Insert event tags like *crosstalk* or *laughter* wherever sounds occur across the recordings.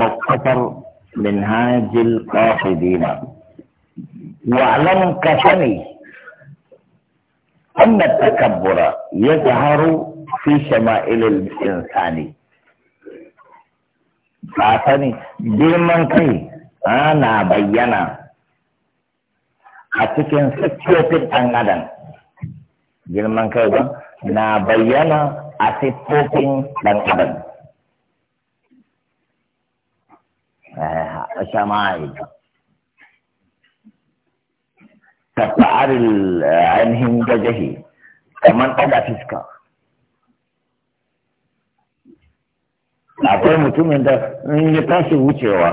مقتر من هاج القاصدين واعلم كثني ان التكبر يظهر في شمائل الانسان فاتني بمن كي انا بينا اتكن سكيت انغدان بمن كي انا بينا اتكن سكيت انغدان الشمائل تتعار عنهم دجه كمن قد أفسك أقول متوم عند نتاسي وچوا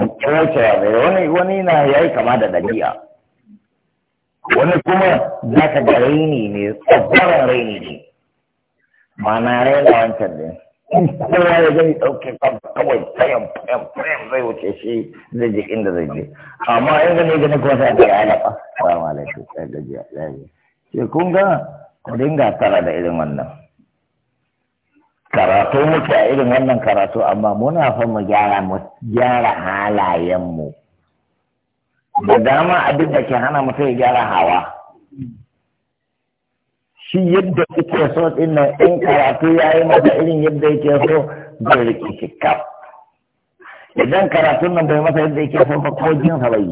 وچوا وني وني نا يأي كما دا دجيا وني كما ذاك جريني ني أفضل ريني ما نارين وانتر دي in kowa ya zai ɗauke kawai tsayan fayan zai wuce shi zai je inda zai je amma in ne gani kuma sai ga yana ba salamu alaikum sai ga jiya zai ce kun ga ku dinga tara da irin wannan karatu muke a irin wannan karatu amma muna son mu gyara mu gyara halayenmu da dama abin da ke hana mutum ya gyara hawa shi yadda kuke so din nan in karatu ya yi masa irin yadda yake so zai riƙe shi kaf idan karatun nan bai masa yadda yake so ba ko jin sa bai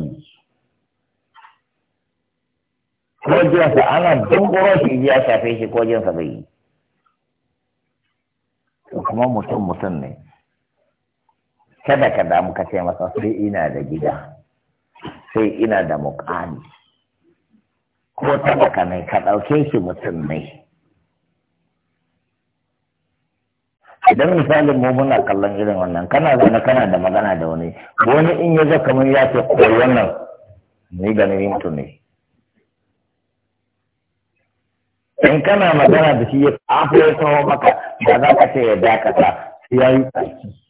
ko jin sa ana dungoro shi ya shafe shi ko jin sa bai kuma mutum mutum ne kada ka damu ka ce masa sai ina da gida sai ina da muƙani ko talaka ne ka ɗauke shi mutum ne idan misalin mu muna kallon irin wannan kana kana da magana da wani wani in ya ga kamar ya ce koyi wannan ni da ni mutum ne in kana magana da shi ya kafa ya maka ba za ka ce ya dakata sai ya yi tsaki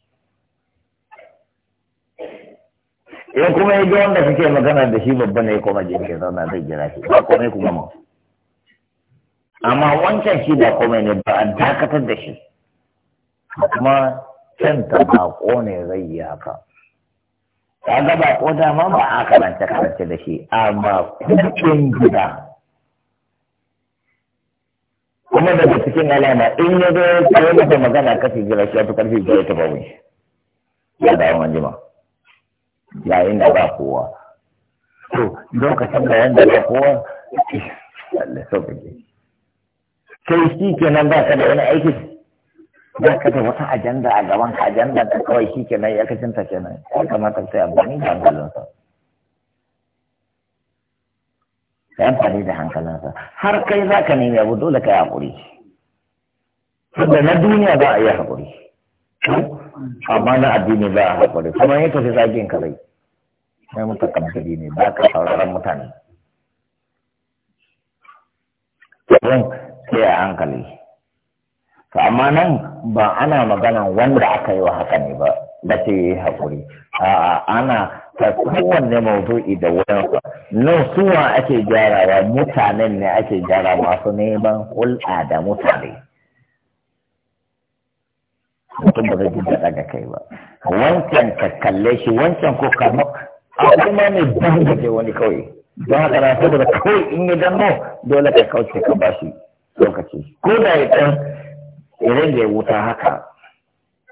ya kuma yi wanda kake magana da shi babba ne kuma je ke na zai jira shi ba komai kuma ma amma wancan shi ba komai ne ba a dakatar da shi kuma ta bako ne zai yi haka ta ga bako dama ba a karanta karanta da shi amma kudin gida kuma daga cikin alama in ya zo ya mata magana kashi jira shi ya fi karfi ya ta bawai ya dawo wani jima yayin da ba kowa to lokacin da yanda ba kowa Allah sauƙaƙe sai shi kenan ba ka da wani aiki ba ka da wata ajanda a gaban ka ajanda ta kawai shi kenan ya kacinta kenan ya kamata ka yi amfani da hankalinsa ka amfani da hankalinsa har kai za ka nemi abu dole ka yi haƙuri saboda na duniya za a yi haƙuri amma na addini ba a haƙuri kuma yi tafi zagin ka zai sai mutakabbiri ne ba ka sauraron mutane don sai a hankali to amma nan ba ana maganan wanda aka yi wa haka ne ba da ce ya yi haƙuri a'a ana ta kowanne mawdu'i da wurinsa nan suwa ake gyarawa mutanen ne ake gyara masu neman hulɗa da mutane mutum ba zai daɗa daga kai ba wancan ka kalle shi wancan ko ka akwai ma ne ke wani kawai don haka na saboda kawai in yi danno dole ka kauce ka ba shi lokaci ko da ya ɗan irin da ya wuta haka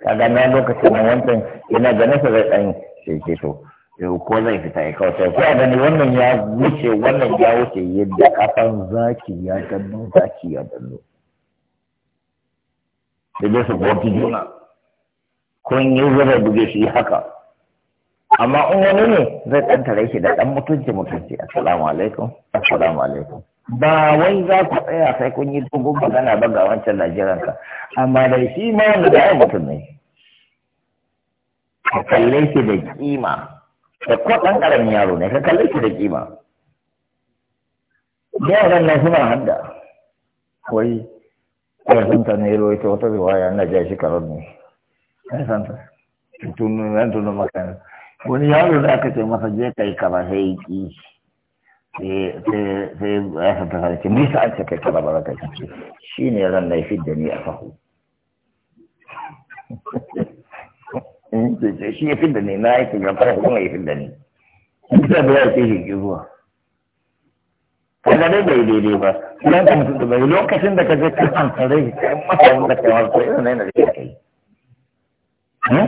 kaga na lokaci na wancan yana ganin sa zai ɗan sheke to yau ko zai fita ya kauce ko a gani wannan ya wuce wannan ya wuce yadda kafan zaki ya danno zaki ya danno da zai su gwamfi juna kun yi zai buge shi haka amma in wani ne zai tantare shi da ɗan mutunci mutunci assalamu alaikum assalamu alaikum ba wai za ku tsaya sai kun yi dogon magana ba ga wancan ka, amma da shi ma wanda da ai mutum ne ka kalle shi da kima da ko ɗan ƙaramin yaro ne ka kalle shi da kima yaran ne suna hadda wai ƙarfinta eh, ne yaro ita wata riwaya na ja karar ne ƙarfinta eh, tun nan tun maka wani yaro da aka ce masa je kai sai ki sai ya fata sarki nisa an ce kai kaza ba za ka shi ne ran na fi da ni a fahu *laughs* eh, shi ya fi da ni na yi kuma ya fi da ni. Ita da ya shi zuwa. kaga dai bai daidai ba kuma ka mutu bai lokacin da ka je ka san sarai kai masa wanda kai wasu irin nan da kai hmm?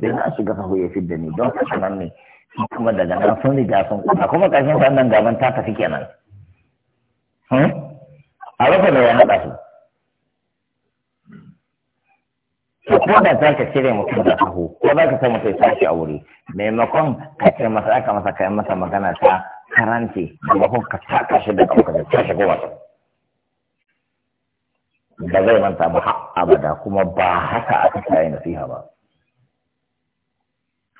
sai na shiga fahu ya fidda ni don haka nan ne kuma daga nan sun riga sun kuma kuma ƙarshen sa nan gaban ta tafi kenan hmm? a rufe da ya haɗa to ko da za ka cire mutum da fahu ko za ka sa mutum ya tashi a wuri maimakon ka ce masa aka masa kayan masa magana ta karanci da ba ka saka shi da kanka da tashi goma ba zai manta ba abada kuma ba haka aka sayi nasiha ba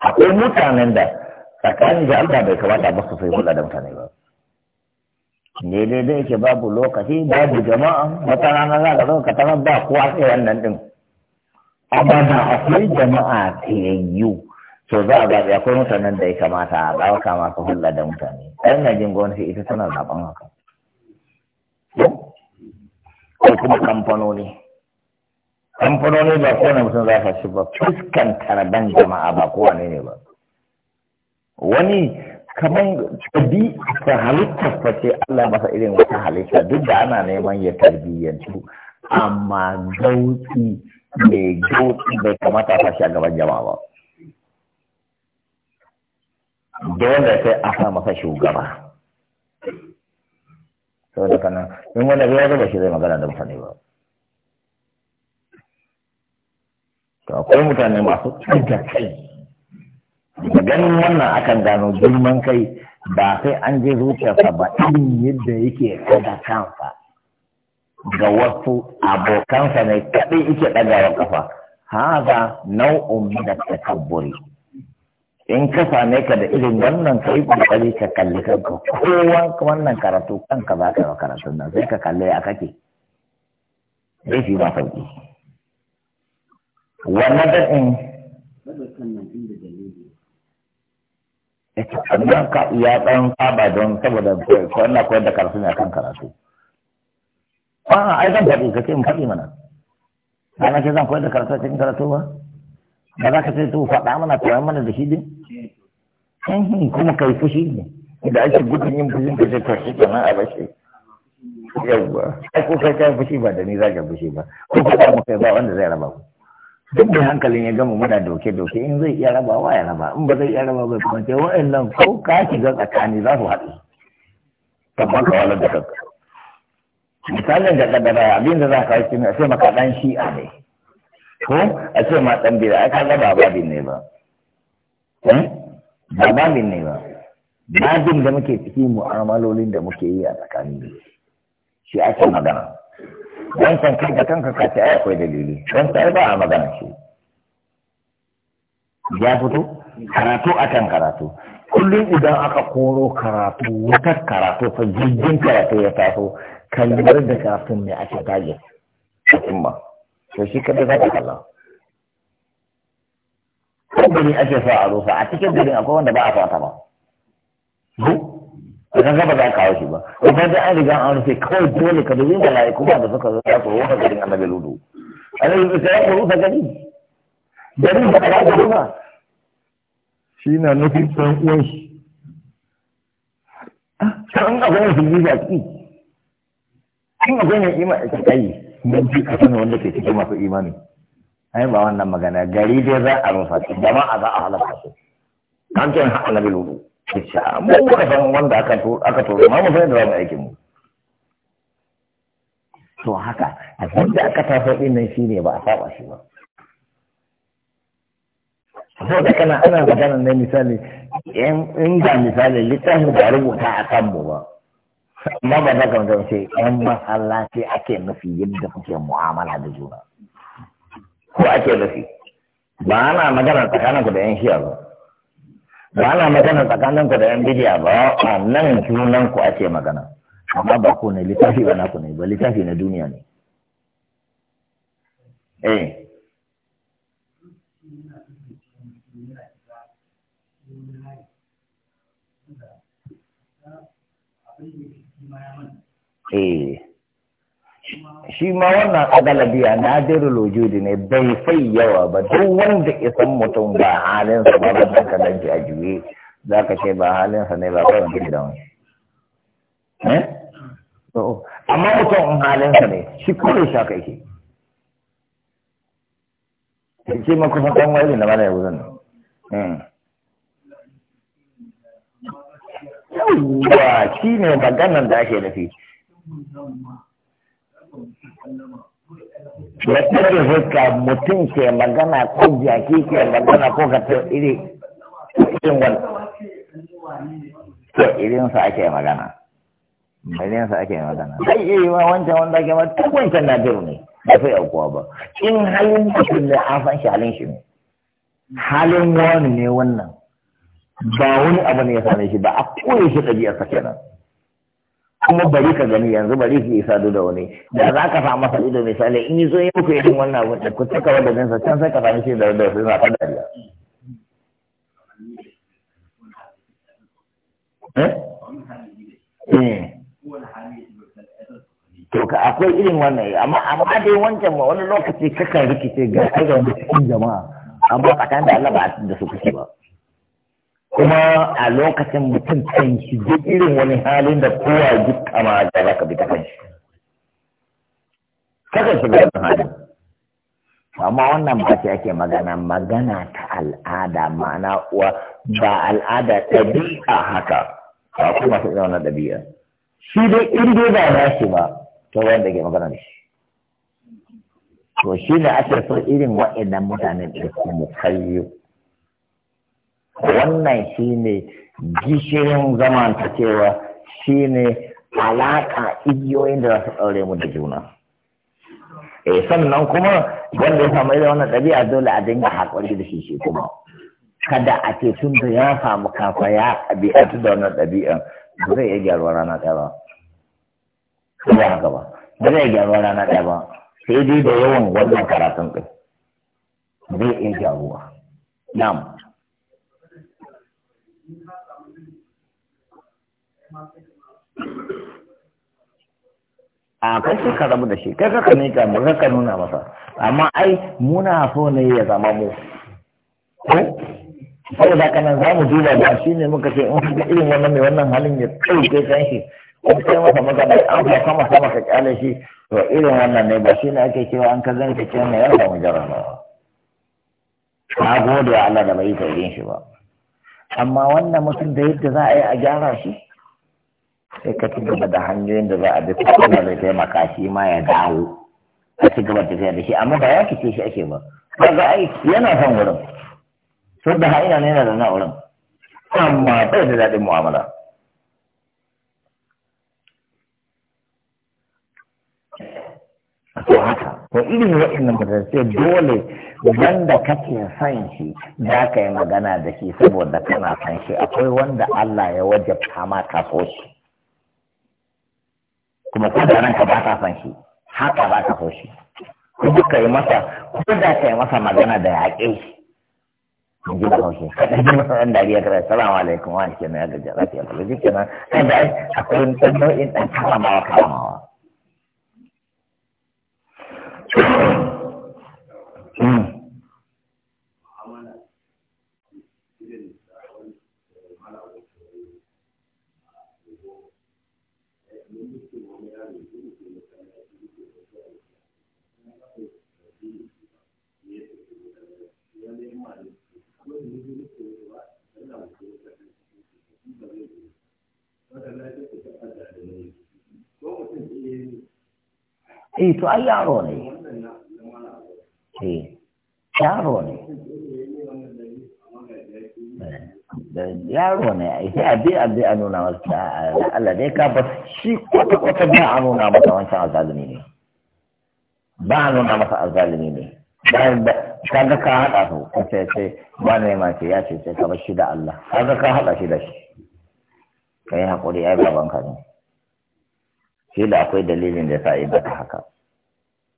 akwai mutanen da tsakanin da Allah bai kamata ba su sai hulɗa da mutane ba ne daidai yake babu lokaci babu jama'a wata rana za ka zo ka tarar ba kowa sai wannan din abada akwai jama'a yiwu. to za a zaɓi akwai mutanen da ya kamata a kama ka hulla da mutane ɗan yajin gwamnati ita tana zaɓen haka ko kuma kamfanoni kamfanoni ba kowane mutum za ka shi ba fuskan tarban jama'a ba kowane ne ba wani kaman tabi ta halitta face Allah masa irin wata halitta duk da ana neman ya tarbiyyantu amma gautsi mai gautsi bai kamata a fashi a gaban jama'a ba dole sai a sa masa shugaba saboda kana in wanda ya zaba shi zai magana da mutane ba to akwai mutane masu tsanta kai da ganin wannan akan gano girman kai ba sai an je zuciyarsa ba irin yadda yake kada kansa ga wasu abokansa ne kaɗai yake ɗagawa kafa haza nau'un da takabburi in ka same ka da irin wannan ka yi kokari ka kalli kanka kowa wannan karatu kanka za ka yi wa nan sai ka kalli a kake zai fi ba sauki wannan daɗin wannan ka iya ɗan saba don saboda kwana koyar da karatu ne akan karatu a ai zan faɗi ka ce mu faɗi mana ana ce zan koyar da karatu cikin karatu ba ba za ka ce to faɗa mana koyar mana da shi din kuma kai fushi ne da ake gudun yin fushin ka sai tashi kenan a bashi yawwa ai ko kai kai fushi ba da ni zaka fushi ba ko ka samu kai ba wanda zai raba ku duk da hankalin ya gama muna doke doke in zai iya rabawa ya raba in ba zai iya raba ba kuma ce wa'annan ko ka shiga tsakani za su haɗu tabban ka walar da kanka misalin da kadara abin da za ka yi a ce maka dan a ne ko a ce ma dan bida ai ka ga ba babin ne ba hmm? ba min ne ba babin da muke ciki mu'amalolin da muke yi a tsakani shi ake magana san kai da kanka ka ce ai akwai dalili don sai ba a magana shi ya fito karatu akan karatu kullum idan aka koro karatu wata karatu fa jirgin karatu ya taso kalmar da karatun ne ake tage a cimma to shi kada za ka kalla Akwai gari ake sa a rusa a cikin gari akwai wanda ba a fata ba a kan gaba za a kawo shi ba idan da an riga an rufe kawai dole ka dubi mala'iku ba da suka zo za su rusa garin annabi ludu annabi yanzu sai ya rusa gari garin ba za ka rusa shi na nufin ɗan shi kan akwai musulmi ba ciki kan akwai mai ima a cikin ayi don ji a wanda ke cikin masu imani ai ba wannan magana gari dai za a rufa su jama'a za a halaka su kan kin annabi lulu kace ah, mu ba san wanda aka to aka to ma mu sai da mu aikin mu to haka a wanda aka tafi din nan shine ba a saba shi ba saboda kana ana magana ne misali in ga misali littafin da rubuta a kan mu ba amma ba za ka mutum sai yan masallaci ake nufi yadda kuke mu'amala da juna ko ake nufi ba ana magana tsakaninku da yan shiya ba ba ana magana tsakaninku da yan bidiya ba a nan sunan ku ake magana amma ba ku ne littafi ba naku ne ba littafi na duniya ne eh eh shi ma wannan agalabiya na jirul wujudi ne bai fai yawa ba duk wanda isan mutum ba halinsa ba ba ka danci a juye za ka ce ba halinsa ne ba kawai duk da wani eh? oh, oh. amma mutum in halinsa ne shi kawai sha kai ke ce ma kusan kan wani na mana yanzu nan ba hmm. shi ne maganan da ake nufi ya tafi ka mutum ke magana ko jaki ke magana ko ka ta iri irin wani to irin sa ake magana irin sa ake magana sai iya yi wa wancan wanda ake ma duk wancan na jiru ne ba yau kuwa ba in halin mutum ne an san shi halin shi ne halin wani ne wannan ba wani abu ne ya same shi ba a koyaushe sa kenan kuma bari ka gani yanzu bari ki isa da wani da za ka samu masa ido misali in yi zoye muku yin wannan abu da ku cika wadda gansa can sai ka samu shi da wadda sai na ta dariya eh? Eh. to ka akwai irin wannan amma amma dai wancan ma wani lokaci kakan rikice ga aikin jama'a amma tsakanin da Allah ba da su kuke ba kuma a lokacin mutum kan shi duk irin wani halin da kowa duk kama da za ka bi ta kanshi kakan shi wannan halin amma wannan ba ce ake magana magana ta al'ada ma'ana uwa ba al'ada ta ɗabi'a haka ba kuma masu irin wannan ɗabi'a shi dai in dai ba na shi ba to wanda ke magana da shi to shi ne ake so irin waɗannan mutanen da su mu kayyo wannan shi ne gishirin cewa shi ne alaƙa igiyoyin da za su ɗaure mu da juna eh sannan kuma wanda ya samu irin wannan ɗabi'a dole a dinga haƙuri da shi shi kuma kada a ce tun da ya samu kafa ya ɗabi'atu da wannan ɗabi'an zai iya gyaruwa rana ɗaya ba ko ba haka ba zai iya gyaruwa rana ɗaya ba sai dai da yawan wannan karatun ɗin zai iya gyaruwa na'am a kai sai ka rabu da shi kai kaka ne ka ka nuna masa amma ai muna so ne ya zama mu ko saboda kana nan mu duba ba shi ne muka ce in ga irin wannan mai wannan halin ya kai kan shi ko kai masa da an fa sama sama ka shi to irin wannan ne ba shi ne ake cewa an ka zanta cewa ya samu jarabawa na gode Allah da bai yi shi ba amma wannan mutum da yadda za a yi a gyara shi sai ka ci gaba da hanyoyin da za a bi kuma zai taimaka shi ma ya dawo a ci gaba tafiya da shi amma ba ya kice shi ake ba kaga ai yana son wurin sun da ha'ina ne yana da na wurin amma bai da daɗin mu'amala to haka to irin waɗannan ba sai dole wanda kake son shi za ka yi magana da shi saboda kana son shi akwai wanda Allah ya wajabta ma ka so shi kuma ko da ranka ba ka son shi haka ba ka so shi kuma masa ko da kai masa magana da yaƙe shi in ji da haushe kada ji masa ɗan dariya salamu alaikum wa ke na ya ya nau'in ɗan kalamawa اي تو اي eh yaro ne da eh, yaro ne a sai a bi a bi a nuna masa da Allah dai ka ba shi kwata kwata ba a nuna masa wancan azalimi ne ba a nuna masa azalimi ne bayan kaga ka haɗa su ka ce ce ba ne ma ce ya ce sai ka bar shi da Allah kaga ka haɗa shi da shi ka yi haƙuri ya yi babanka ne shi da akwai dalilin da sa yi baka haka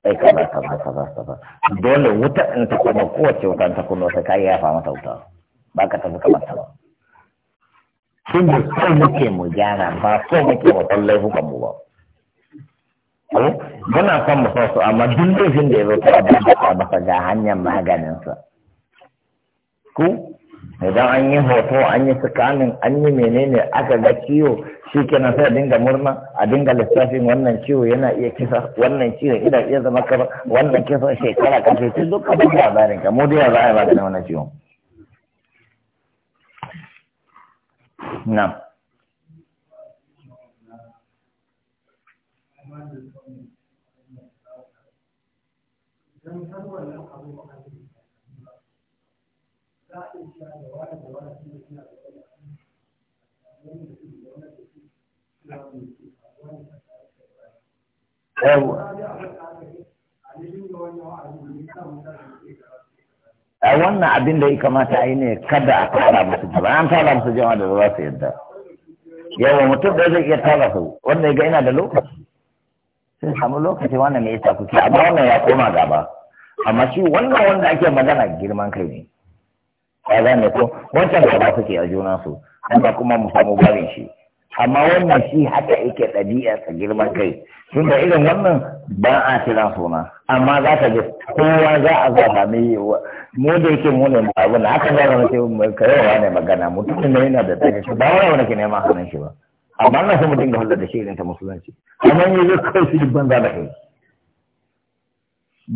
ai kaza kaza kaza kaza dole wuta in ta kuma kowace wuta ta kuma ta kai yafa mata wuta ba ka tafi kamar ta ba sun da so muke mu gyara ba so muke mu san laifukan mu ba eh? muna son mu san su amma duk laifin da ya zo ta ba ka ga hanyar maganinsa ku idan an yi hoto an yi tsakanin an yi menene aka ga ciwo shi kenan sai a dinga murna a dinga lissafin wannan ciwo yana iya kisa wannan ciwo ina iya zama kaza wannan kisa shekara ka ce duk duka da labarin ka mu dai za a yi maganin wannan ciwo na Thank you. a wannan abin da ya kamata a yi ne kada a tara musu jama'a an tara musu jama'a da za su yadda yawa mutum da zai iya tara su wanda ya ga ina da lokaci sun samu lokaci wannan ne ya tafi amma wannan ya koma gaba amma shi wannan wanda ake magana girman kai ne ka gane ko wancan gaba suke a juna su amma kuma mu samu barin shi amma wannan shi haka yake ɗabi'a ta girman kai tun da irin wannan ba a kira suna amma za ka ji kowa za a zaba mai mu da yake mu ne abu na haka zaba na sai ka wa ne magana mutumin ne yana da tsaka shi ba wani abu ke neman hannun shi ba amma na sai mutum da hulɗar da shi irin ta musulunci amma yi zai kai su dubban za da kai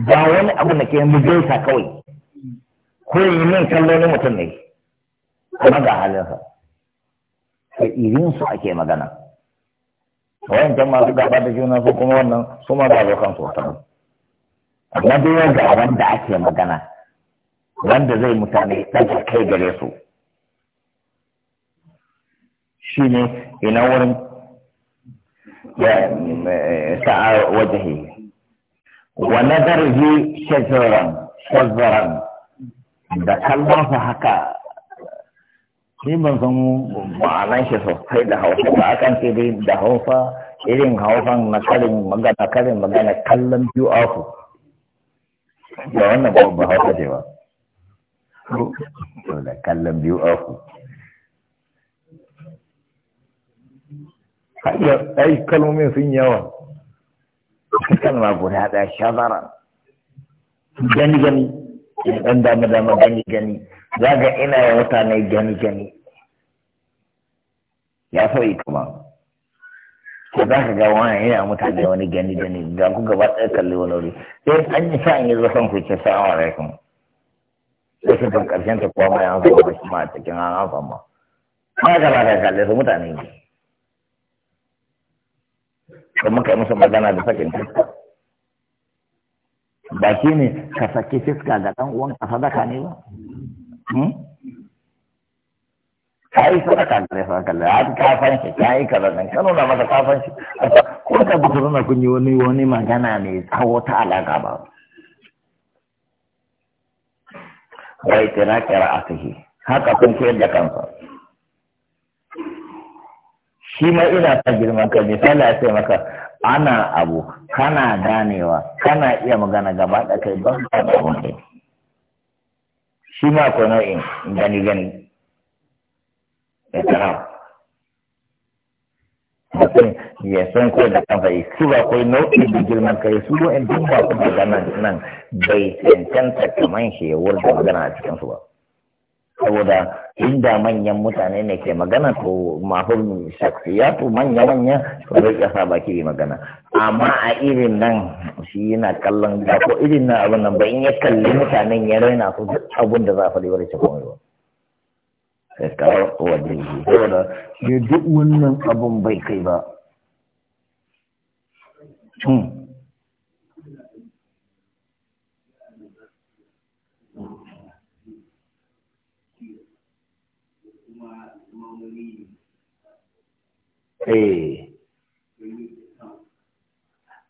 ba wani abu na ke mu gaisa kawai ko yi min kallo mutum ne kuma ga halinsa to irin su ake magana kan masu gaba da juna su kuma wannan su ma ga abokan su wata amma dai wanda wanda ake magana wanda zai mutane ka kai gare su shi ne ina wurin ya sa'ar wajahi wa nazarihi shazaran shazaran da kalmarsa haka ni ban san ma'anan shi sosai da hausa ba kan ce dai da hausa irin hausan na karin magana karin magana kallon biyu aku da wannan ba ba hausa ce ba da kallon biyu aku ai kalmomin sun yawa kalma guda ɗaya shazaran gani gani in ɗan dama dama gani gani za ga ina ya mutane gani gani ya sauyi kuma ko za ka ga wani yana mutane wani gani gani ga ku gaba ɗaya kalli wani wuri sai an yi sa'in yi zafan ku ce wa alaikum sai su kan ƙarshen ta kuwa ma ya hanfa ba shi ma a cikin an hanfa ma ma ga ba ka kalli su mutane ne. Kuma kai musu magana da sakin fuska. ba shi ne ka saki fiska ga ɗan uwan ka sadaka ne ba hmm? ka yi sadaka sadaka da ya ka san shi ka yi kaza ka nuna masa ka san shi ko ka ba su kun yi wani wani magana ne tsawo ta alaka ba bai tira kira a sahi haka kun koyar da kansa shi ma ina ta girman ka misali a ce maka ana abu kana ganewa kana iya magana gaba da kai don ka da abun shi ma ko nau'in gani gani ya ya san ko da kan yi su ba kai nau'in da girman kai su in ba kuma nan bai cancanta kaman shi ya magana a cikinsu ba saboda inda manyan mutane ne ke magana to shakfiya to manya-manya to zai iya sa baki yi magana amma a irin nan shi yana kallon da ko irin na abin nan bayan ya kalli mutanen ya raina su duk abin da za a faɗi ba da komai sai ka wajen yi saboda shi duk wannan abin bai kai ba hmm.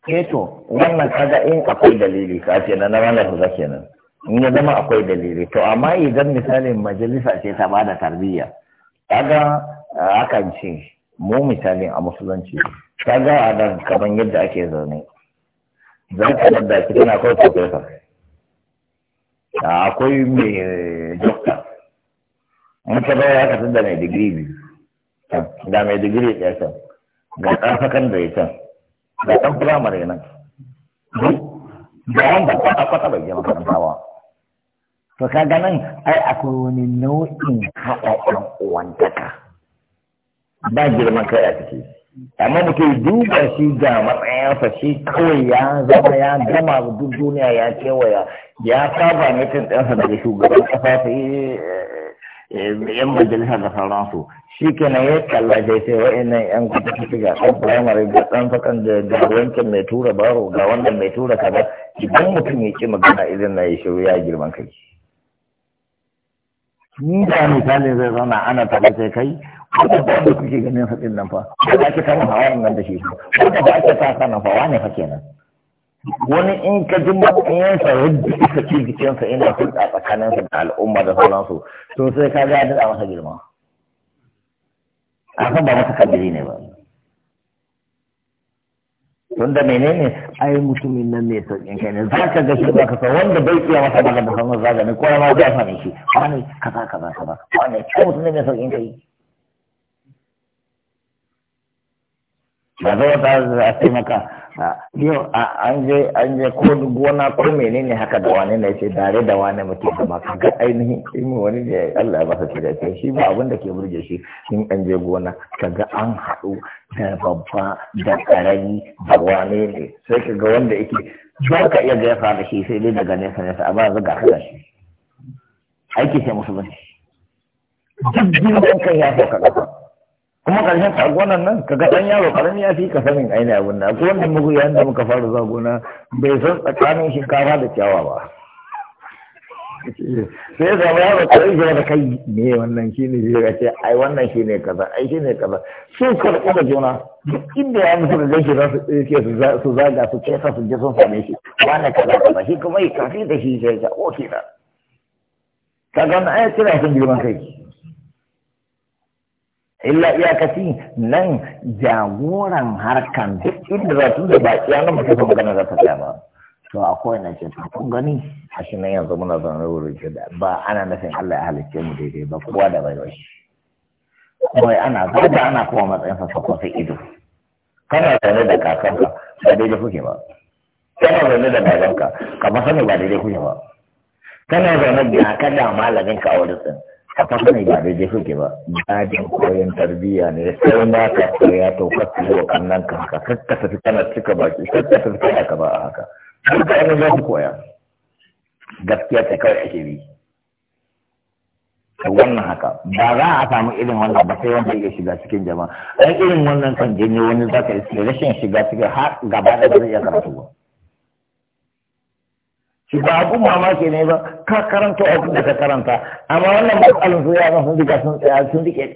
keto eh. eh wannan kaga in akwai dalili ka ce na nama ku kenan in ya zama akwai dalili to amma idan misalin majalisa ce ta bada tarbiyya kaga akan ce mu misalin a musulunci kaga a nan kamar yadda ake zaune zan ka da shi tana kawai professor akwai mai doctor in ka zaura ka da mai digiri biyu da mai digiri ɗaya can ga ɗan ya can ga ɗan firamare nan da wanda kwata-kwata bai je makaranta ba to ka ganin ai akwai wani nau'in haɗa ɗan uwantaka ba girman kai a ciki amma da ke duba shi ga matsayinsa shi kawai ya zama ya gama duk duniya ya kewaya ya saba mutum ɗansa daga shugaban ƙasa ta yi eh, Eh, yan majalisa da su shi kenan ya kalla sai sai yan kuta kuta shiga ɗan firamare ga ɗan fakan da mai tura baro ga wannan mai tura kaza idan mutum ya ƙi magana idan na ya shiru ya girman kai ni da misalin zai zauna ana tare sai kai wanda ba da kuke ganin hatsin nan fa ko da ake kama hawa nan da shi ko da ba ake sa nan fa wane fa kenan wani in ka ji matsayansa yadda suka ci jikinsa ina hulɗa tsakaninsa da al'umma da sauransu to sai ka ga da masa girma a san ba masa kabiri ne ba tun da menene ai mutumin nan ne sauƙin kai ne za ka ga shi ba ka san wanda bai iya masa magana da sauran zaga ne kowa ma zai sani shi wani kasa kaza ba wani ko mutum ne mai sauƙin kai ba zai wata a taimaka yau an je an je ko gona ko menene haka da wane ne ce tare da wani da maka ga ainihin in wani da Allah ya masa da shi ba abin da ke burge shi in an je gona kaga an haɗu da babba da karami da wani ne sai ga wanda yake ba ka iya gafa da shi sai dai daga nesa nesa amma yanzu ga haka shi aiki sai musulunci ya sauka kuma karshen ta gonan nan kaga dan yaro karami ya fi ka sanin aini abin da ko wanda muku yayin da muka fara zuwa gona bai san tsakanin shinkafa da ciyawa ba sai ya zama yaro karami ya da kai ne wannan shine sai ga ce ai wannan shine kaza ai shine kaza su karɓi da juna inda ya musu da gashi eh, za su ke su zaga su kesa su je sun same shi wani kaza kaza shi kuma yi kafi da shi sai ya ce o kenan kaga na ai kira sun girman kai illa iyakaci nan jagoran harkan duk inda za su da ba iya na mutum magana za ta tsaya ba to akwai na ce kun gani a shi nan yanzu muna zaune wurin ce ba ana nufin Allah ya halicce mu daidai ba kowa da bai wai kuma ana zaga ana kuma matsayin sa sakon sai ido kana zaune da kakanka ba daidai kuke ba kana zaune da babanka ka ba sani ba daidai kuke ba kana zaune da ka da malamin ka a wurin a kasanai ba daidai suke ba dajin koyon tarbiyya ne sai na ka koya to ka koyo kannan kanka kakka tafi kana cika baki kakka tafi kana ka ba a haka duka yanzu za su koya gaskiya ta kawai ake bi wannan haka ba za a samu irin wannan ba sai wanda ya shiga cikin jama'a ai irin wannan kan janyo wani zaka iske rashin shiga cikin har gaba da zai iya karatu ba shi ba abun mamaki ne ba ka karanta abin da ka karanta amma wannan matsalin su ga sun riga sun tsaya sun rike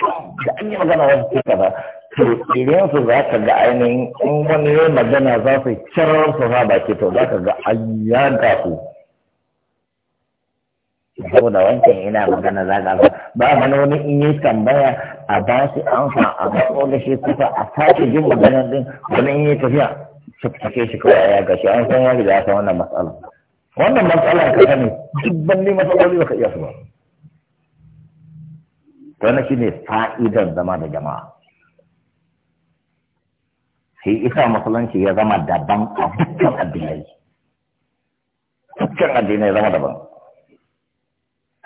da an yi magana wasu su kaza to idan su za ka ga ainihin in wani yi magana za su kirar su ha baki to za ka ga an ya gafu saboda wancan ina magana za ka ga ba mana wani in yi tambaya a ba an amsa a matso da shi kusa a sake jin maganar din wani in yi tafiya su shi kawai ya gashi an san ya riga ya san wannan matsalar wannan matsalan ka sani duk banne matsaloli ka iya su ba wannan shine fa'idar zama da jama'a sai isa musulunci ya zama daban a dukkan addinai dukkan addinai zama daban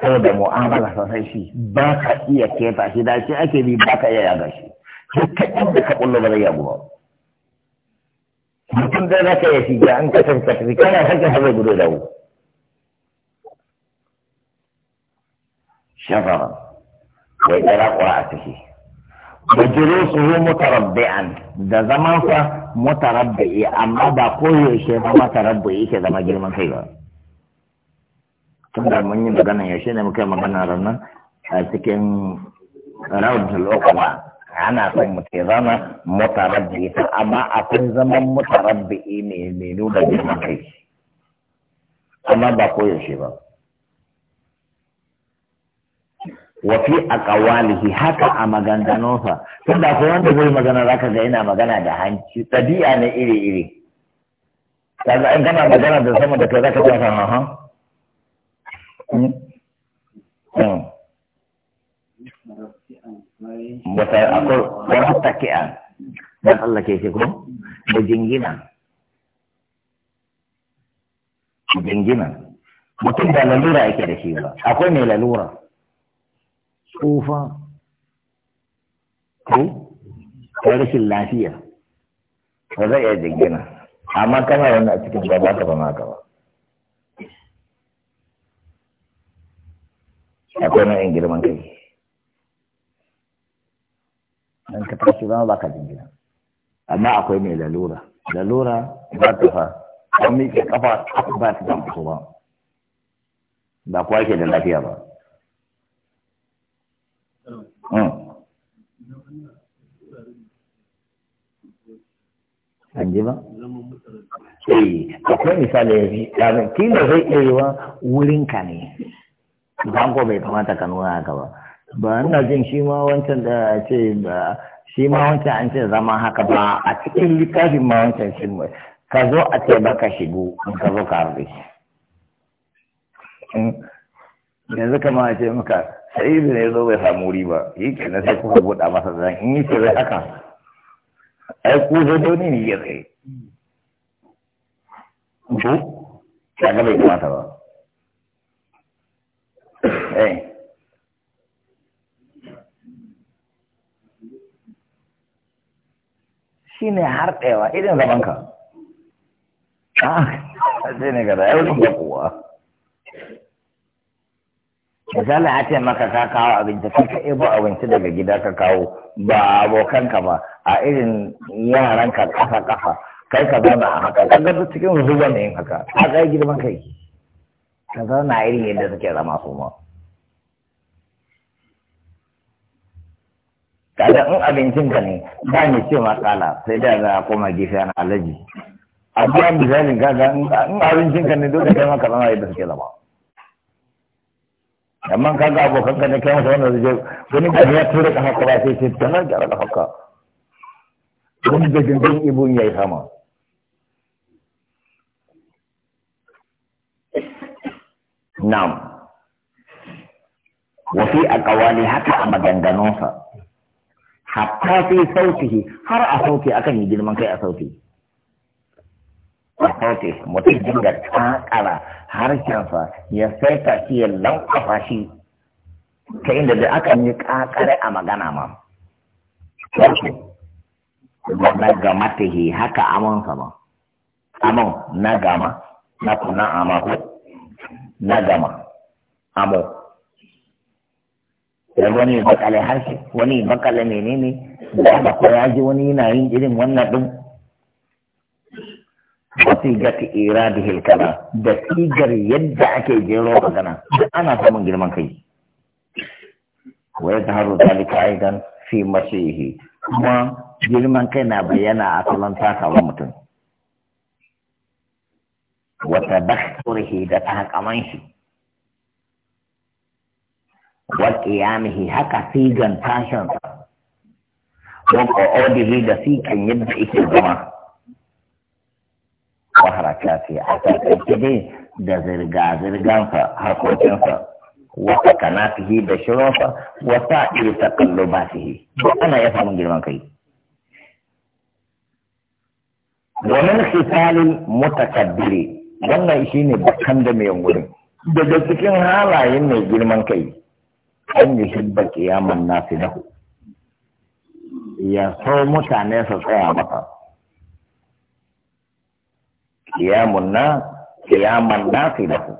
saboda mu'amala sosai shi ba ka iya keta shi da shi ake bi ba ka iya yaga shi dukkan inda ka kullu ba zai yabu ba mutum da za ka yi shiga an kasance tafi kana sakin sa zai gudu da wu shafara wai tsara kuwa a ciki majlisuhu mutarabbi'an da zaman sa mutarabbi'i amma ba koyaushe ba mutarabbi'i ke zama girman kai ba Tun da mun yi magana yaushe ne muka yi magana ranar a cikin rawdul uqwa ana son mu ke zama mutarabbi amma akwai zaman mutarabbi ne mai nuna girman kai amma ba koyaushe ba wafi a ƙawalihi haka a maganganunsa tun da kuma wanda zai magana za ka ga yana magana da hanci ɗabi'a ne iri-iri kaga in gana magana da sama da kai za ka ta ha ha wata akwai wata taki'a da Allah ke shi ko da jingina jingina mutum da lalura yake da shi ba akwai mai lalura tsufa ko ko rashin lafiya ba zai iya jingina amma kana wani a cikin ba ka ba ma ka akwai nan girman kai dan ka tashi zama ba ka jingina amma akwai mai lalura lalura ba ta fa an miƙe kafa ba ta kan fito ba ba kuwa ke da lafiya ba hmm. an ji ba? Eh, akwai misali ya fi ɗazin, kila zai iya yiwa wurinka ne, ba ko bai kamata ka nuna haka ba. ba ina jin shi ma wancan da ce ba shi ma wancan an ce zama haka ba a cikin littafin ma wancan shi ka zo a ce baka shigo in ka zo ka harbe hmm. yanzu kama a ce maka sai da ya zo bai samu wuri ba yi na sai kuka buɗa masa zan in yi ce zai haka ai ku zo wani ne ya tsaye ko ya ga bai kamata ba eh shi ne har ɗewa irin zamanka a ah, sai ne gada yau da kuwa misali a ce maka ka kawo abinci ka ka ebo abinci daga gida ka kawo ba abokanka ba a irin yaranka kafa kafa kai ka zauna a haka ka ga cikin zuwa ne yin haka a ga girman kai ka zauna irin yadda suke zama su ma kada in abincin ka ne ba ni ce matsala sai da za a koma gefe na alaji amma misalin kaga in abincin ka ne dole kai ma ka zama yadda suke zama amma kaga abokan ka ne kai masa wanda zai wani gari ya tura ka haka ba sai ce tana gyara da haka wani da gindin ibun ya yi sama na'am wafi a kawali haka a maganganunsa hatta fi sautihi har a sauti akan yi girman kai a sauti a sauti mutum dinga takara harshensa ya saita shi ya lankafa shi ta inda da aka yi kakare a magana ma na gama ta yi haka aman sama aman na gama na kuna amako na gama amon ya wani bakale harshe wani bakale menene da ba ko ya ji wani yana yin irin wannan din wasiqati ga ta ira da tigar yadda ake jero magana ana samun girman kai wa yadharu dhalika aidan fi masihi kuma girman kai na bayyana a salon takawa mutum wata bakhturihi da tahakaman shi wa mihi haka sigan tashin wa qawdihi da sikan yadda yake zama wa ce a takaice ne da zirga zirgansa harkokinsa wa fihi da shirinsa wa ba fihi to ana ya samun girman kai wa min khitalil mutakabbiri wannan ne bakan da mai wurin daga cikin halayen mai girman kai an yi hibba kiyaman nasi lahu ya so mutane su tsaya masa kiyamun na kiyaman nasi lahu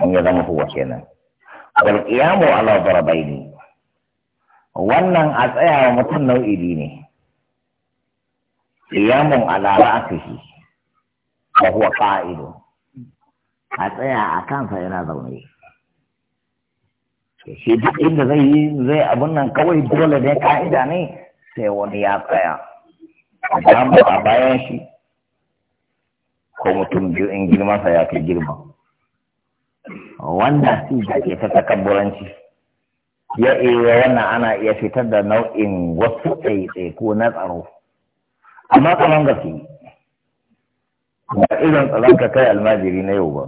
an yi zama huwa kenan wal kiyamu ala darabaini wannan a tsaya wa mutum nau'i ne kiyamun ala ra'asihi wa huwa qa'idu a tsaya a kansa yana zaune shi duk inda zai yi zai abin nan kawai dole ne ka'ida ne sai wani ya tsaya a bayan shi ko mutum biyu in sa ya kai girma wanda su da ke ta takabburanci ya iya wannan ana iya fitar da nau'in wasu ko na tsaro amma kamar gaske ba irin tsaron ka kai almajiri na yau ba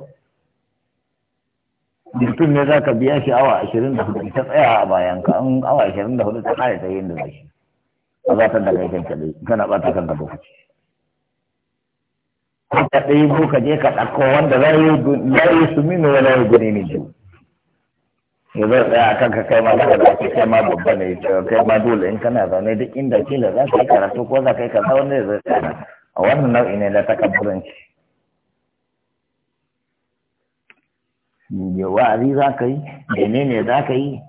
mutum ne za ka biya shi awa ashirin da hudu ta tsaya a bayan ka an awa ashirin da hudu ta kare ta yin da shi ba za ta da kai kan kaɗai, kana ɓata kanka lokaci ka ɗaya ko ka je ka ɗauko wanda za yi su minu wani yi gune ne jiwu ya zai tsaya a ka kai ma za ka kai ma babba ne kai ma dole in kana zaune duk inda kila za ka yi karatu ko za ka yi kaza wanda zai tsaya a wannan nau'i ne na takabburanci da wa'azi za ka yi ne za ka yi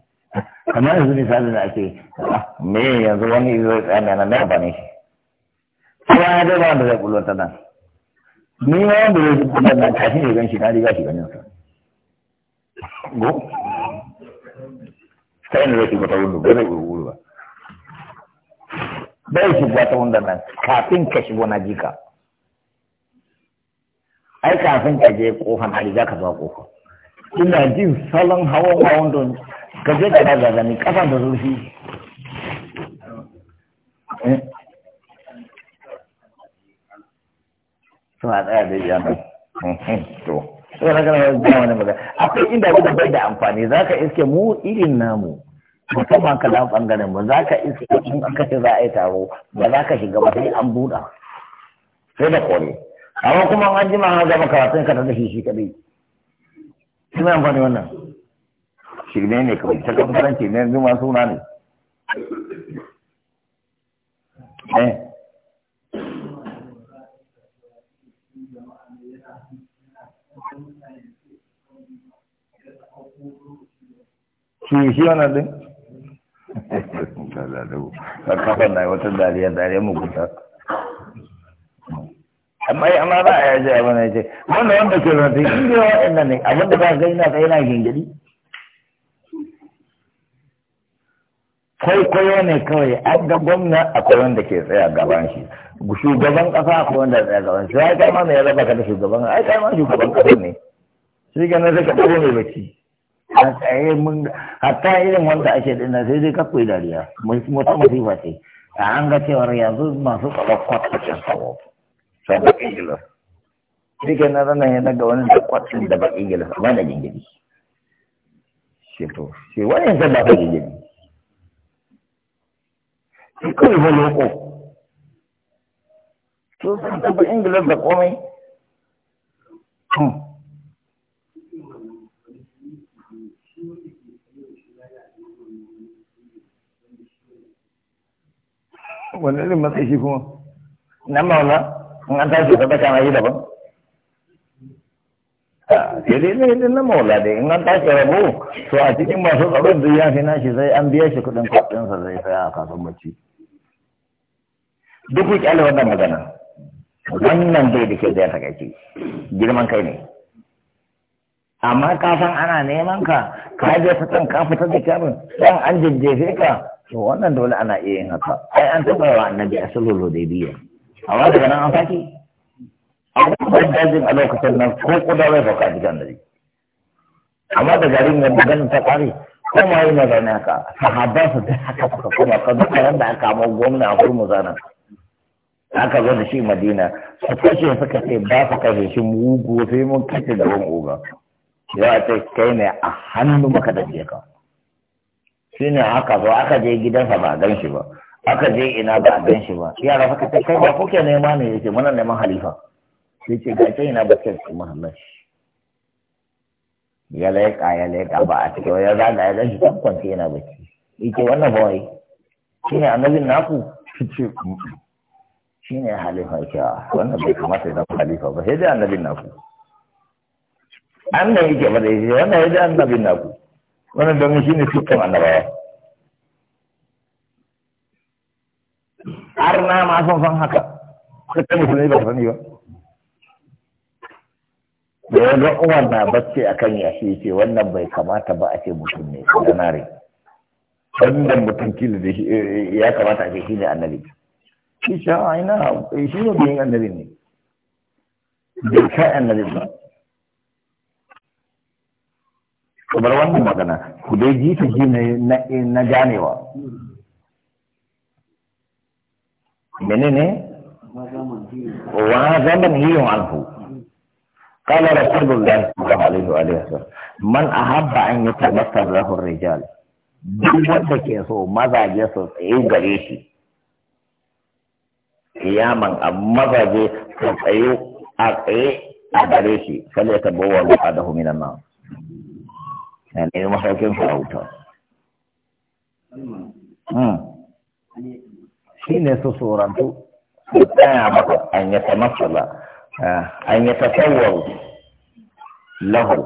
kamar yanzu misali da ake ah, me yanzu wani zai tsaya na mai amfani shi kuma ya dai ba wanda zai kullo ta nan ni ma wanda zai kullo ta nan kafin ne gan shi na riga shi ganin sa go sai ne zai shiga ta wundu ba zai kullo ba bai shiga ta wundu nan kafin ka shigo na jika ai kafin ka je kofan a riga ka zuwa kofan ina jin salon hawan hawan don gaje je ka daga gani kasan da zurfi eh. a tsaya da yana eh, to sai na gana da ne magana akwai inda wanda bai da amfani za ka iske mu irin namu musamman ka dan bangaren ba za ka iske in aka ce za a yi taro ba za ka shiga ba sai an buɗa sai da kore amma kuma an jima an gama karatun ka da shi shi kadai Kina amfani wannan? Shirme ne kawai, ta kamfaranci ne yanzu ma suna ne. Eh. Shi shi wannan din? da *laughs* ku, kafan na wata dariya dariya mugunta. amma ya amma ba a yaji abin da ce wanda wanda ke zanta shi ne waɗannan ne abin da ba ga ina tsaye na gingiri kwaikwayo ne kawai a ga gwamna akwai wanda ke tsaya gaban shi shugaban kasa akwai wanda tsaya gaban shi ai kai ma me ya raba ka da shugaban ai kai ma shugaban kasa ne shi ga na zaka dago mai bacci a tsaye mun hatta irin wanda ake dinna sai dai ka kakwai dariya mutum masifa ce a an ga cewar yanzu masu tsaron kwatakwacin sabo sau bakin gilas duka na ranar ya daga wani da kwatin da bakin gilas amma da gingiri shi to shi wani yanzu ba ta gingiri shi kawai ba loko to sun ta bakin gilas da komai wani irin matsayi shi kuma na maula in an tashi sadaka na yi daban ah, sai dai ne din na maula dai in an tashi rabu? to a cikin masu tsaron da ya fi nashi sai an biya shi kuɗin kuɗinsa zai saya a kasuwan bacci duk ku kyale wannan magana wannan dai da ke da takaici girman kai ne amma ka san ana neman ka ka je fitan ka fitar da kyamun dan an jajjefe ka to wannan dole ana iya yin haka ai an taɓa wa annabi a sulhul hudaybiyah amma daga nan an sake abubuwan dajin a lokacin nan ko kuda bai fauka jikan dare amma da garin yadda ganin ta ko ma yi na zaune haka sahabban su da haka suka kuma ka duka yadda aka amma gwamna a kurmu zana aka zo da shi madina su kashe suka ce ba su kashe shi mugu sai mun kashe da wani oga ya a ce kai ne a hannu maka da ka shi ne haka zo aka je gidansa ba a gan shi ba aka je ina ba a gan shi ba yara suka ce kai ba kuke nema ne yake muna neman halifa sai ce ga ina ba ce su muhammad ya laika ya laika ba a cikin ya zaga ya gan shi kan kwanci yana bacci yace wannan ba wai shine annabin naku ce ne halifa yake ah, wannan bai kamata ya zama halifa ba sai dai annabin naku yi yake ba da yake wannan ya ji annabin naku wannan don ne sukan annabawa har na ma son san haka kuka ba sani ba da wani uwan na bacci a kan yashi ce wannan bai kamata ba a ce mutum ne wannan mutum kila da eh, ya kamata a ce shi ne annabi shi sha aina ah, eh, shi ne annabi ne bai kai annabi ba kamar wannan magana ku dai ji ta na ganewa ne? wa zaman hiyo anhu da rasulullah sallallahu alaihi wa sallam man ahabba an yi yatabassar lahu ar-rijal duk wanda ke so mazaje su tsaye gare shi kiyaman a mazaje su tsaye a tsaye a gare shi sale ta bowa ruwa da huminan nan na ne mafakin farauta hmm. shi ne su surantu su tsaya masa an ya tamassala an ya tasawwaru lahu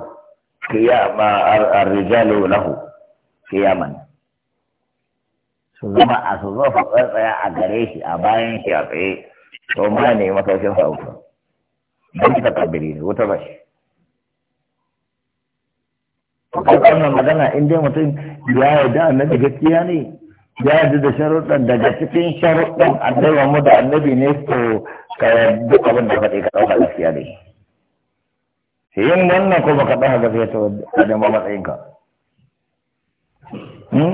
kiyama ar-rijalu lahu kiyaman su zama a su zo fa tsaya a gare shi a bayan shi a tsaye to ma ne masaukin sauka don ta kabiri ne wuta ba shi wannan magana in dai mutum ya yarda annabi gaskiya ne ya ji da sharuɗan daga cikin sharuɗan annabi mu da annabi ne to ka duk abin da faɗi ka ɗauka gaskiya ne yin wannan ko baka ɗauka ta to ma dama matsayinka hmm?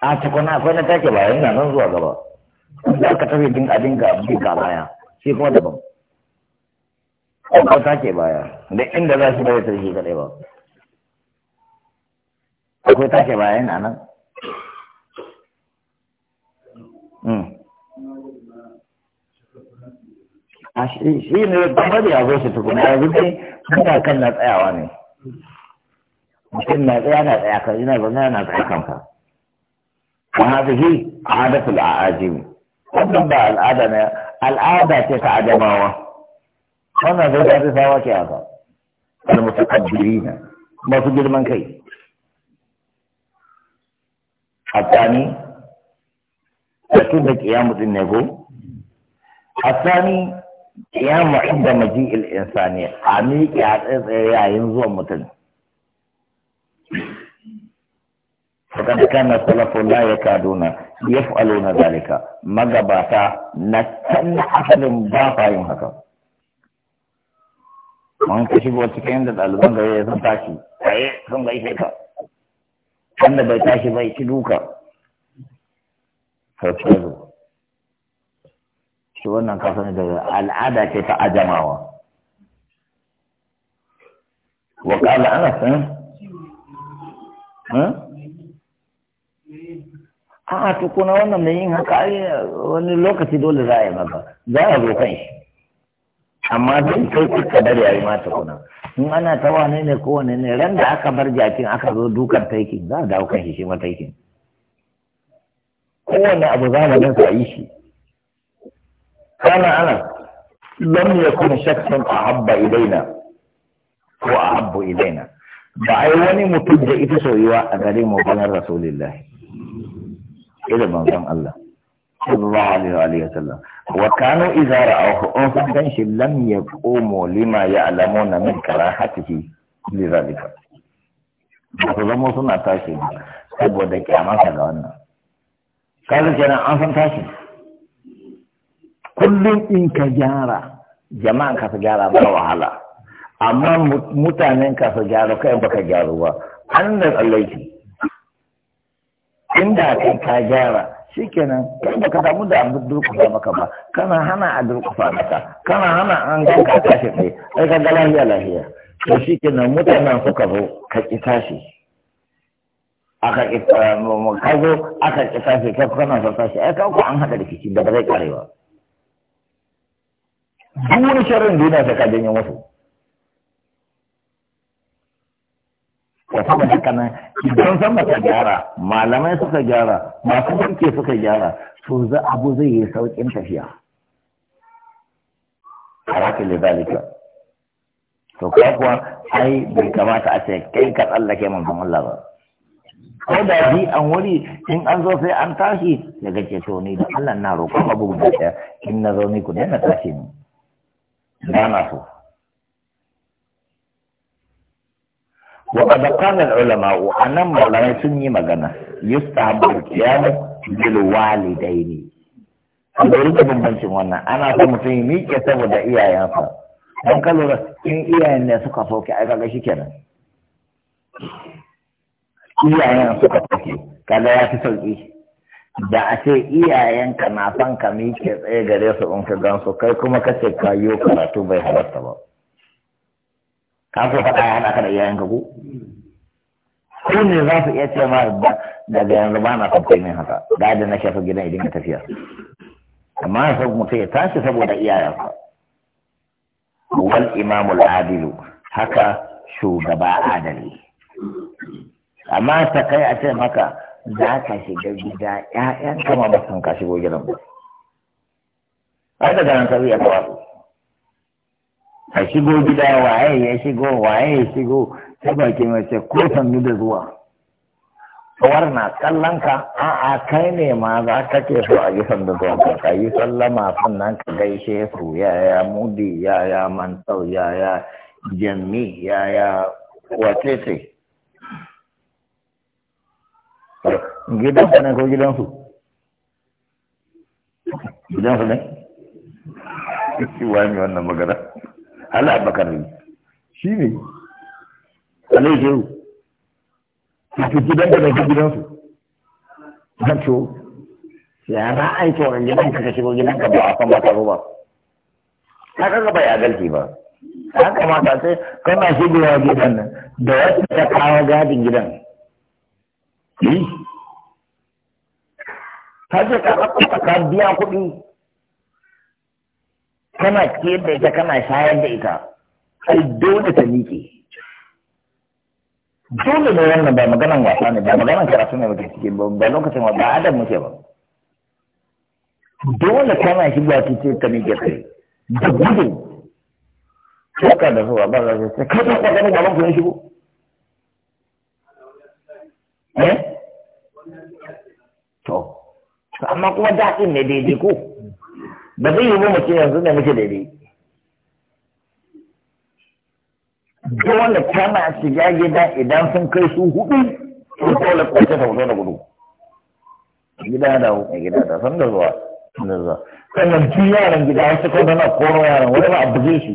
a cikin akwai na take bayan na nan zuwa gaba za ka tafi din abin ga bi ka baya shi kuma daban ko take baya da inda za su bai tafi shi kaɗai ba akwai tashi bayan a nan a shi ne gaba da yazo shi tukuna yanzu dai muna kan na tsayawa ne mutum na tsaya na tsaya kan yana zaune na tsaya kan fa wa hadhihi adatul aajim wannan ba al'ada ne al'ada ce ta adamawa wannan zai ta sawa ke haka al mutakabbirina masu girman kai الثاني تكون قيام النبو الثاني قيام عند مجيء الإنسان عميق يا ينزو متن فقد كان السلف لا يكادون يفعلون ذلك مغباتا نتن أحد باطا ينهكا من كشف وتكين للألبان غير يتنتاشي أي سنغيشي كا wanda bai tashi bai ci duka farfazo shi wannan kasan da al'ada ce ta ajamawa wa kala ana san eh? eh? a tukuna wannan mai yin haka wani lokaci dole za a yi maka za a zo kan shi amma dai kai kuka dare a yi ma kuna in ana ta wane ne kowane ne ran da aka bar jakin aka zo dukan taikin za a dawo kan shi ma taikin kowane abu zamanin sa yi shi kana ana lam kuma shakkan habba ilaina ko a habbu ilaina ba ai wani mutum da ita soyuwa a gare mu banar rasulullahi ila manzon Allah sallallahu alaihi wa sallam wa kanu idza ra'awhu in sun gan shi lam yaqumu lima ya'lamuna min karahatihi li zalika su zama suna tashi saboda kyamansa ga wannan kaga kenan an san tashi kullum in ka gyara jama'an ka su gyara ba wahala amma mutanen ka su gyara kai baka gyaru ba an da tsallaki inda kai ka gyara kenan kai baka damu da abin durkufa maka ba kana hana a durkufa maka kana hana an ganka tashi ɗai ai ka ga lahiya lahiya to kenan mutanen suka zo ka ƙi tashi aka ki eh, ka zo aka ƙi tashi kai kana son tashi ai ka an haɗa rikici da ba zai ƙarewa duk wani sharrin duniya sai ka janyo wasu Ka saboda haka nan idan san ba gyara malamai suka gyara masu banke suka gyara to za abu zai yi saukin tafiya A da zalika to kuwa kuwa ai bai kamata a ce kai ka tsallake mun Allah ba ko da bi an wuri in an zo sai an tashi daga ke to ni da Allah na roƙon abu guda ɗaya in na zo ni ku daina tashi ni ba na so anan قال sun yi magana, سني مغانا يستحب القيام A Abin da bambancin wannan ana son mutum ya miƙe saboda iyayensa. Don ka da in iyayen ne suka soke ai shi kenan. Iyayen suka soke kada ya fi sauki. Da a ce iyayenka na son ka miƙe tsaye gare su in ka gan su kai kuma kace ka yi karatu bai halarta ba. ka so faɗa ya haɗa ka da iyayen ka ko ko ne za su iya ce ma daga yanzu ba na son min haka da na shafa gidan idan ka tafiya amma ya san mutum ya tashi saboda iyayensa wal imamul adilu haka shugaba adali amma ta kai a ce maka za ka shiga gida ƴaƴan kama ba sun ka shigo gidan ba ai daga nan ka zai ya kawo a shigo gida waye ya shigo waye ya shigo sai baki mace ko sannu da zuwa kawar na kallon ka a a kai ne ma za ka ke so a yi sannu zuwa ka yi sallama sannan ka gaishe su ya ya mudi ya ya mantau ya ya jami ya ya ce gidan ne ko gidansu gidansu ne *laughs* shi wani wannan magana ala bakari shi ne alai shehu a fi gidan da zai gidansu zanto ya za a yi gidan ka shigo gidan ka ba a san maka ba Ka kaga bai adalci ba ya kamata sai kana shigowa gidan nan da wasu ta kawo gadin gidan ta ce ka ka biya kuɗi kana ciyar da ita kana shayar da ita kai dole ta miƙe dole ne wannan ba maganan wasa ne ba maganan karatu ne muke cikin ba ba lokacin ba adam muke ba dole kana shi ba ta miƙe kai da gudun haka da zuwa ba za sai ka ta kwakwani gaban ku shigo eh to amma kuma daɗin ne daidai ko ba zai yi mu ce yanzu ne muke daidai wanda kama a shiga gida idan sun kai su hudu su dole kwace ta wuce da gudu gida da a gida da san da zuwa da zuwa sannan duk yaran gida wasu ko da na koro yaran wani ba a buje shi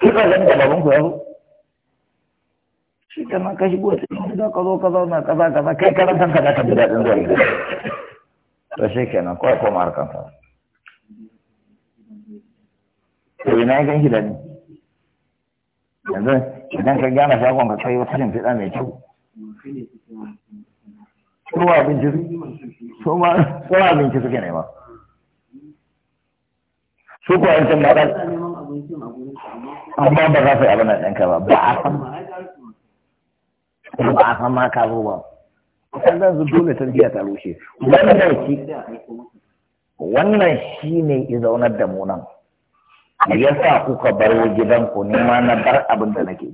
shi ka zan da baban ku yaro shi ka ma kashi shigo cikin gida ka zo ka zauna ka ka za kai karan ka za ka ji daɗin zuwa gida to kenan kawai koma harkar sa to ina ya gan shi da ni yanzu idan ka gyara shagon ka kai wata yin fiɗa mai kyau kowa abinci su kowa abinci suke nema su kuwa yin yancin maɗan amma ba za su yi abin nan ɗanka ba ba a san ba a san ma ka zo ba kusan zan su dole biya ta rushe wannan shi wannan shi ne izaunar da mu nan me yasa kuka bar ku ni ma na bar abin da nake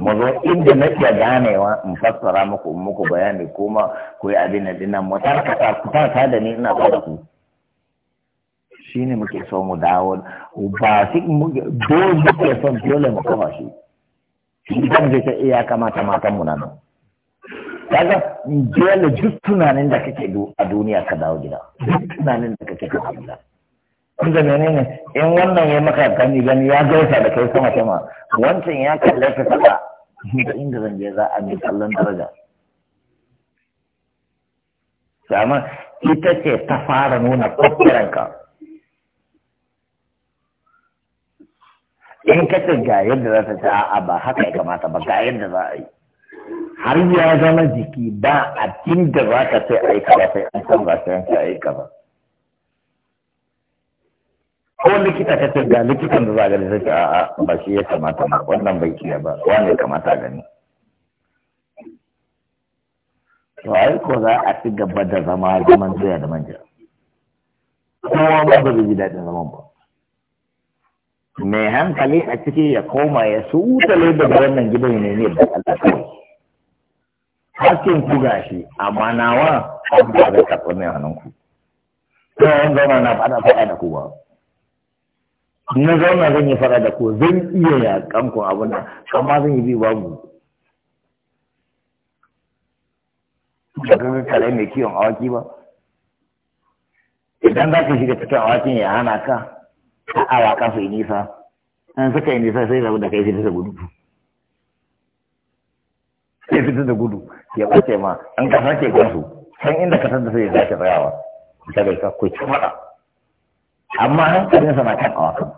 mazo inda na nake ganewa in fassara muku muku bayani kuma ku yi abin da dinan mu tarkata ku tarka da ni ina da ku shine muke so mu dawo ba shi dole muke son dole mu kama shi idan zai ta iya eh, kamata matan mu na nan kaga dole duk tunanin da kake a duniya ka dawo gida duk tunanin da kake ka gida wanda menene in wannan ya maka gani gani ya gaisa da kai sama sama wancan ya kalle ka sama da inda zan je za a mai kallon daraja sama ita ce ta fara nuna ka. in ka ce ga yadda za ta ce a'a ba haka ya kamata ba ga yadda za a yi har ya zama jiki ba a da za ka sai aika ba sai an san ba sai an sai aika ba ko likita ta ce ga likitan da za gani sai a a ba shi ya kamata ba wannan bai kiya ba wani ya kamata gani to ai ko za a ci gaba da zama zaman doya da manja kowa ba ba zai ji daɗin zaman ba mai hankali a ciki ya koma ya sutale da wannan gidan ne ne da Allah yi hakkin ku gashi amma nawa an ba da karɓar ne hannun ku kowa an zauna na faɗa faɗa da ku ba na zauna zan yi fara da ku zan iya yakan ku abu nan amma zan yi bi babu da kan kare mai kiwon awaki ba idan za ka shiga cikin awakin ya hana ka ta awaka su yi nisa an suka yi nisa sai rabu da kai fita da gudu sai fita da gudu ya kwace ma an ka sake gansu san inda ka san da sai ya sake tsayawa ita bai ka kwace mara amma hankalinsa na kan awakan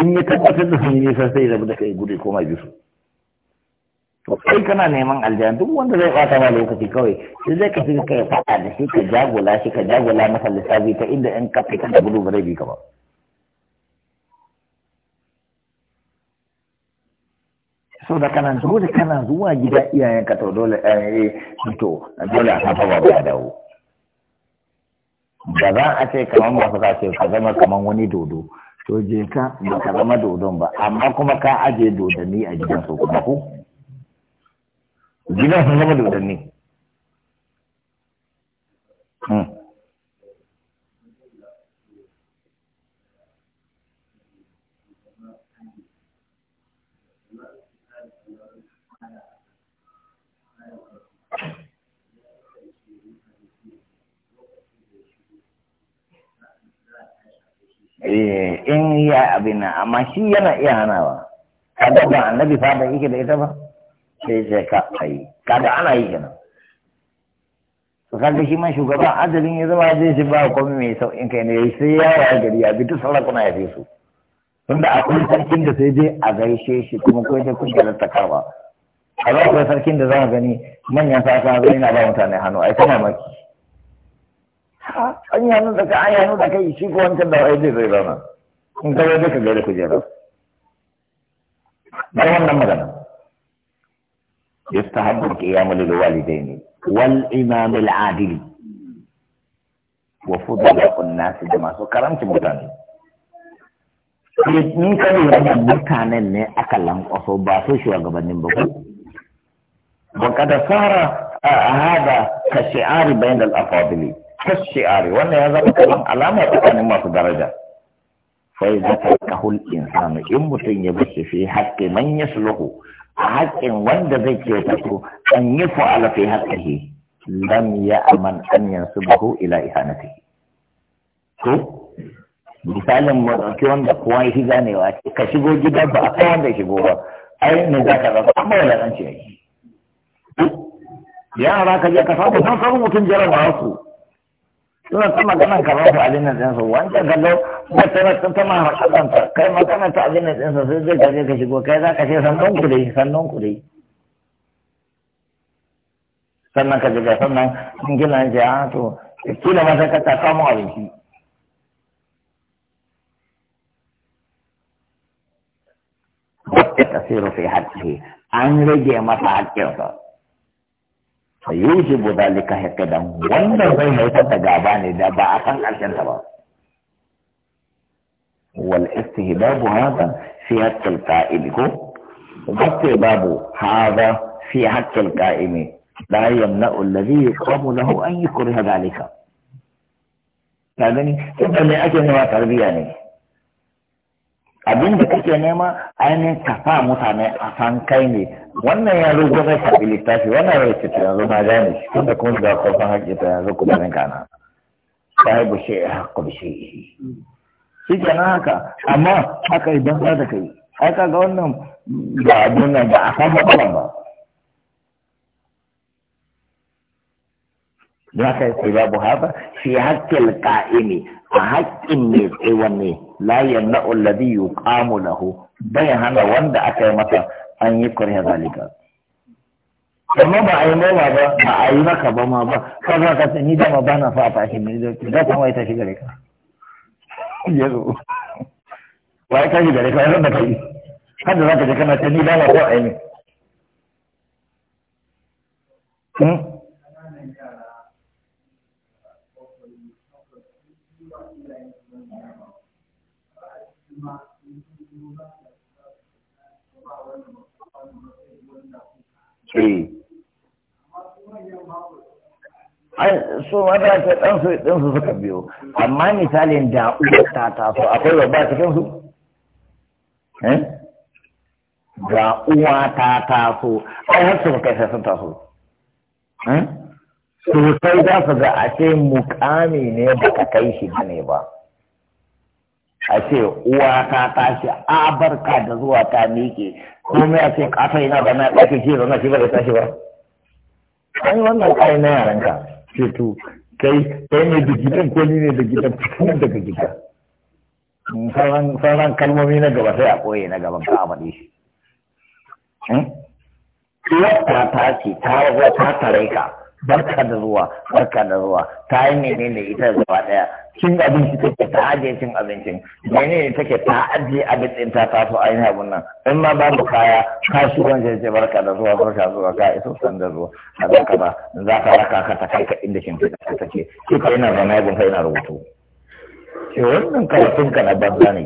in ya tabbatar da sun yi nisa sai rabu da kai gudu koma bisu to kai kana neman aljanna duk wanda zai bata ma lokaci kawai sai zai ka fi kai fada da shi ka jagula shi ka jagula masa lissafi ta inda in ka fita da gudu ba zai bi ka ba so da kana dole kana zuwa gida iyayen ka to dole eh, eh to dole a saba ba dawo da za a ce kamar masu kace ka zama kamar wani dodo to je ka ba ka zama dodon ba amma kuma ka aje dodanni a gidan su kuma ku gidan sun zama dodanni hmm. Eh, in ya abin amma shi yana iya hanawa kada ba annabi fada yake da ita ba sai sai ka kai kada ana yi kenan to kaga shi ma shugaba azalin ya zama zai shi ba komai mai in kai ne sai ya yi gari ya bi duk sarakuna ya fi su tunda akwai sarkin da sai dai a gaishe shi kuma ko sai kun galarta kawa a za ku sarkin da za gani manyan sasa zai na ba mutane hannu ai kana maki an yi hannu da ka an yi hannun da ka shi ko wancan da wai zai zauna in ka zai ka gari kujera bar wannan magana يستحب القيام للوالدين والإمام العادل وفضلاء الناس جماعة كرمت متاني ni ka lura da mutanen ne aka lankwaso ba su shugabannin ba ku Ba ka da fara a hada ka shi'ari bayan al-afadili kashi'ari wannan ya zama kamar alama tsakanin masu daraja fai zaka kahul insanu in mutum ya bashi fi haƙƙi man sulhu a haƙƙin wanda zai ke kyautato an yi fa'ala fi haƙƙihi lam ya aman an sulhu ila ihanati ko misalin mu ki wanda kowa ya shi ganewa ce ka shigo gidan ba a kai wanda ya shigo ba ai ne za ka zama amma wala ɗan ce yara ka je ka samu san samu mutum jarabawa su suna ta magana ka ba su abin nan wanda wancan kallo wata ta ta ma haƙaƙanta kai magana ta abin nan ɗinsu sai zai gaje ka shigo kai za ka ce sannan ku dai sannan ku dai sannan ka jiga sannan in gina ce a ah, to kila ma sai ka ta kama samu abinci ta tasiru fi hadisi an rage masa hadisi فيوجب ذلك هكذا وانا زي ما يتتجابان ده بأسان الجنة بقى والاستهباب هذا في حق القائل واستهباب هذا في حق القائم لا يمنع الذي يقام له أن يكره ذلك. هذا يعني إذا ما أجل تربية يعني abin da kake nema ainihin ka sa mutane a san kai ne wannan ya zo gwamnati shafi littafi wannan ya ce yanzu na gane shi tun da kuma zuwa kofin haƙƙi ta yanzu kuma zan kana yi bushe ya haƙƙo shi ke nan haka amma haka idan za ta kai ai ga wannan ba abin nan ba a san matsalan ba ya kai sai babu haka shi haƙƙin ka'imi a haƙƙin mai tsayuwa ne la yanna alladhi yuqamu lahu bai hana wanda aka yi masa an yi kurya zalika amma ba a yi noma ba ba a yi maka ba ma ba ka za ka ni da ma ba na fata shi ne da ka wai ta shi gare ka yazo wai ka shi gare ka wanda ka yi har da za ka je kana ta ni da ma ko a yi ne hmm? ai so wanda ta ɗansu su din su suka biyo amma misalin da ta taso akwai babba cikinsu? su eh ga uwa ta taso ai har su kai sai sun taso eh Sosai za su ga a mukami ne baka kai shi ne ba a ce uwa ta tashi a barka da zuwa ta miƙe kuma a ce kafa ina ba na ɗaki shi na shi ba da tashi ba an yi wannan kai na yaranka ce to kai kai ne da gidan ko ni ne da gidan fitan daga gida mm, sauran kalmomi na gaba sai a koye na gaban ka a shi hmm? ta tashi ta rago ta tare ka barka da zuwa barka da zuwa ta yi menene ita gaba daya cin abinci take ta ajiye cin abincin menene take ta ajiye abincin ta taso ainihin abun nan in ma babu kaya ka shi wanda ce barka da zuwa barka da zuwa ka iso san da zuwa a za ka ba za ka raka ka ta kai ka inda shin ta take shi ka yana zama yabin ka yana rubutu ke wannan karatun ka na banza ne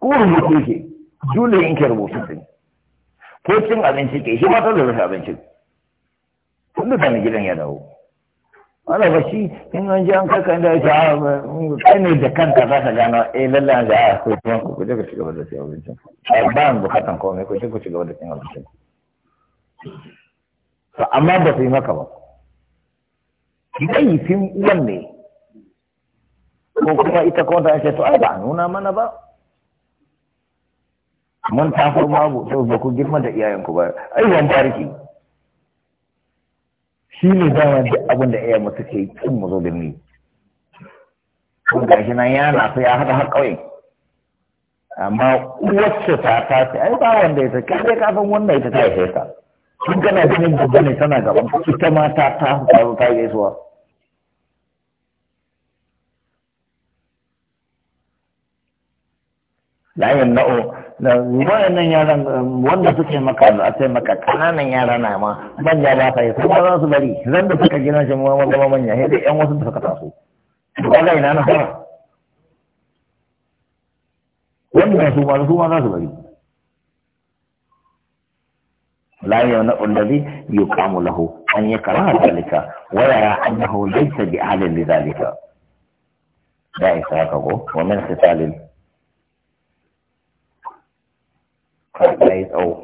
ko rubutu ke dole in ke rubutu ne ko cin abinci ke shi matar da rufe abinci kun da mai gidan ya dawo wanda ba shi in an ji an ya da yake kai ah, da kanka za ka gano eh lallan ga a ah, ko tuwon ku kuje ku cigaba da cin abincin ba mu bukatan komai kuje ku cigaba da cin abincin to amma ba su yi maka ba fim uwan ne ko kuma ita kuma ta ce to ai ba nuna mana ba mun taso abu, to ba ku girma da iyayenku ba ai wani tariki shi ne dama duk abin da iyayen mutu ke cin mu zo da ni kun gashi nan ya na ya hada har kauye amma wacce ta tafi ai ba wanda ya ta kai ka san wanda ita ta haife ka kin kana ganin da ne tana gaban ita ma ta ta ta ta gaisuwa la na'o. da wa'in nan yaran um, wanda suke maka a sai maka kananan yara na ma manya ba fa yasa ba za su bari zan da suka gina shi ma zama manya sai dai yan wasu da suka taso kaga ina na fara wanda su ba su ma za su bari la ya na ulladhi yuqamu lahu an yakraha zalika wa ya annahu laysa bi ahli zalika da isa ka go wa min sitalin Christ or